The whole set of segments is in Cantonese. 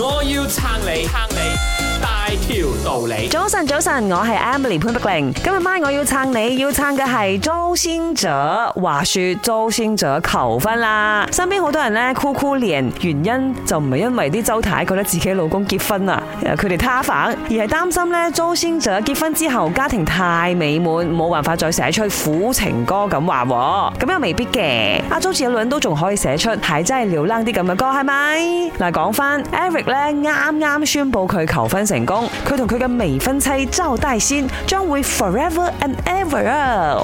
我要撐你，撐你大條道理。早晨，早晨，我係 Emily 潘碧玲。今日晚我要撐你，要撐嘅係周先者。話說周先者求婚啦，身邊好多人咧苦苦連，原因就唔係因為啲周太覺得自己老公結婚啦，佢哋他反，而係擔心咧周先者結婚之後家庭太美滿，冇辦法再寫出苦情歌咁話。咁又未必嘅，阿周杰倫都仲可以寫出係真係撩冷啲咁嘅歌係咪？嗱，講翻 Eric。啱啱宣布佢求婚成功，佢同佢嘅未婚妻周大仙將會 forever and ever 啊！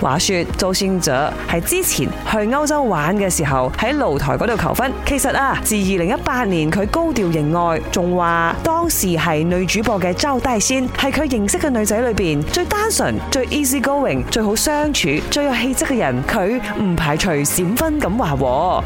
話說周興哲係之前去歐洲玩嘅時候喺露台嗰度求婚，其實啊，自二零一八年佢高調認愛，仲話當時係女主播嘅周大仙係佢認識嘅女仔裏邊最單純、最 easy going、最好相處、最有氣質嘅人，佢唔排除閃婚咁話。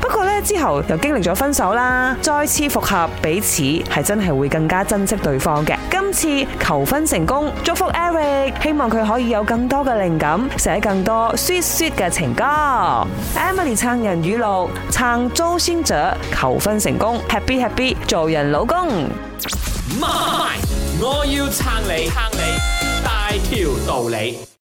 不過呢，之後又經歷咗分手啦，再次復合，彼此係真係會更加珍惜對方嘅。今次求婚成功，祝福 Eric，希望佢可以有更多嘅靈感寫更。多雪雪嘅情歌，Emily 撐人語錄，撐租先者求婚成功 ，Happy Happy，做人老公，My 我要撐你，撐 你大條道理。